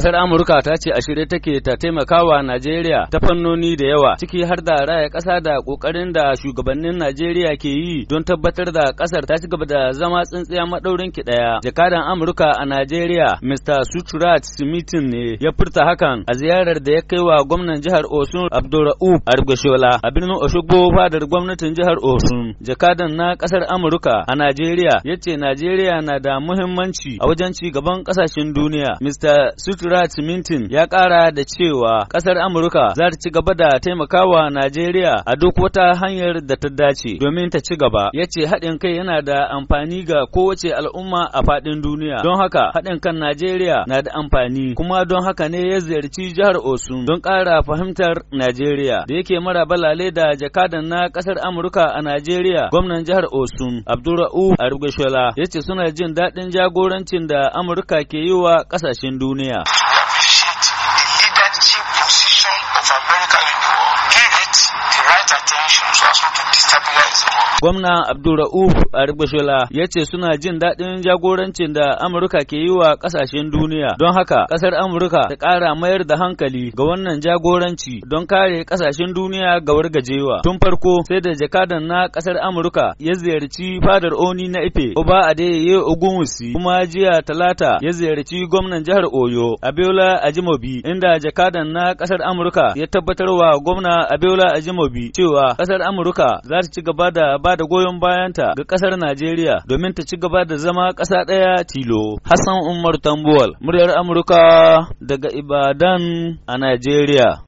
Ƙasar Amurka ta ce a shirye take ta taimakawa Najeriya ta fannoni da yawa, ciki har da raya ƙasa da ƙoƙarin da shugabannin Najeriya ke yi don tabbatar da ƙasar ta ci gaba da zama tsintsiya maɗaurin ki ɗaya. Jakadan Amurka a Najeriya, Mr. Suturat Smithin ne ya furta hakan a ziyarar da ya kai wa gwamnan jihar Osun abdulraub Argashola a birnin Oshogbo fadar gwamnatin jihar Osun. Jakadan na ƙasar Amurka a Najeriya ya ce Najeriya na da muhimmanci a wajen cigaban gaban ƙasashen duniya. Mr. Suturat Badrat Mintin ya ƙara da cewa ƙasar Amurka za ta ci gaba da taimakawa Najeriya a duk wata hanyar da ta dace domin ta ci gaba. Ya ce haɗin kai yana da amfani ga kowace al'umma a faɗin duniya. Don haka haɗin kan Najeriya na da amfani kuma don haka ne ya ziyarci jihar Osun don ƙara fahimtar Najeriya da yake mara balale da jakadan na ƙasar Amurka a Najeriya gwamnan jihar Osun Abdulra'u Arugashola ya ce suna jin daɗin jagorancin da Amurka ke yi wa ƙasashen duniya. nation of America in war. Give it Gwamna Abdulra'uf Argbashola ya ce suna jin daɗin jagorancin da Amurka ke yi wa ƙasashen duniya. Don haka, ƙasar Amurka ta ƙara mayar da hankali ga wannan jagoranci don kare ƙasashen duniya ga wargajewa. Tun farko sai da jakadan na ƙasar Amurka ya ziyarci fadar Oni na Ife, Oba Adeyeye Ogunwusi, kuma jiya Talata ya ziyarci gwamnan jihar Oyo, Abiola Ajimobi, inda jakadan na ƙasar Amurka ya tabbatar wa gwamna Abiola Ajimobi cewa kasar Amurka za ta ci gaba da ba da goyon bayanta ga kasar Najeriya domin ta ci gaba da zama kasa ɗaya tilo. Hassan Umar Tambuwal, muryar Amurka daga Ibadan a Najeriya.